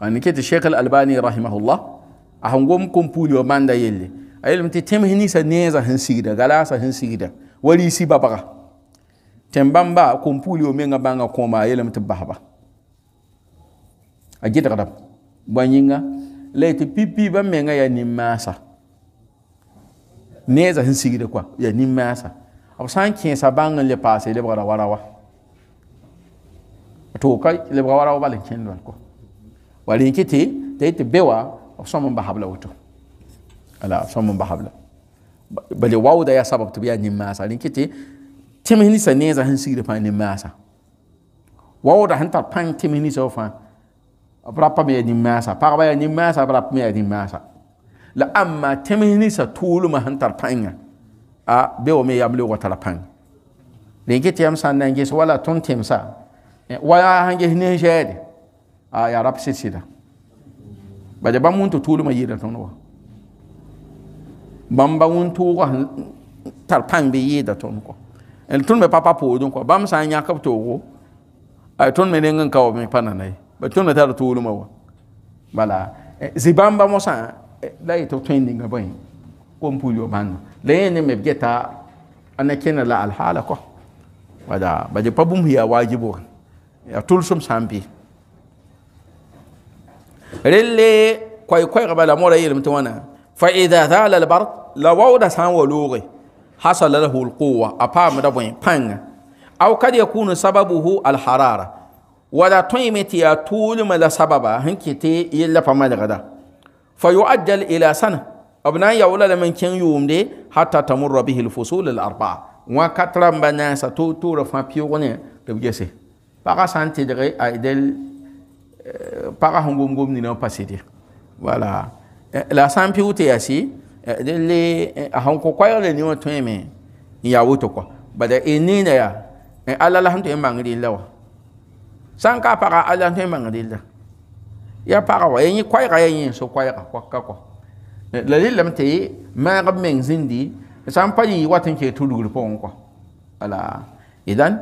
an kete sheikh al albani rahimahullah a hangon kompuni wa manda yelle a yelle mte tem hini sa neza hin sigida gala sa hin sigida wari si babaga tem ba kompuli o menga banga koma a yelle mte bahaba a gita kadab banyinga laiti pipi ban menga ya ni nimasa neza hin sigida kwa ya ni a ab san kẽesa sa n le paase lebgra warawa kai ka lebga warawa bal n kẽnd wa rinki ti ta bewa son mun bahabla wato ala son mun bahabla bale wawu da ya sabab to biya nyimma sa rinki ti timini sa neza han hin sigiri fa nin masa wawu da hanta pan timini so fa brapa me nyimma sa pa ba nyimma sa masa pa me nyimma sa la amma timini sa tulu ma hanta panga a bewa me ya yamle wata la panga rinki ti am san nange so wala tun timsa ya hange ne shede a ya rap sit sida baja bam wun to tulu ma yira ton wa bam ba wun to wa tar pan be yida ton ko en tun me papa po don ko bam sa nya kap to wo ay tun me nengan kawo me panana ba tun me tar tulu ma wa bala zibamba mosa la ito trending ga boy ko mpulio banu le ne me geta anakena la alhala ko wada baje pabum hiya wajibu ya tulsum sambi رلي كوي كوي قبل مورا يلم تونا فإذا ذال البرد لوود سان ولوغي حصل له القوة أبا مدبوين بانغ أو قد يكون سببه الحرارة ولا تيمت يا طول ما لا سبب هنكتي يلا فما لغدا فيؤجل إلى سنة أبناء يولا لمن كان يوم دي حتى تمر به الفصول الأربعة وكترم بناس تو تو رفا بيوغني تبجسي بقى سانتي دغي أيدل paga hungum gum ni no pasidi wala eh, la san piute asi eh, le han eh, ko kwa le ni o to me ya wuto ko bada eni na ya ala la han to mangri lawa san ka paga ala to mangri la ya paga wa yin kwa ga yin so kwa ga kwa ka ko la le lam te ma ga meng zindi san pa yi watin ke tudur pon ko ala idan e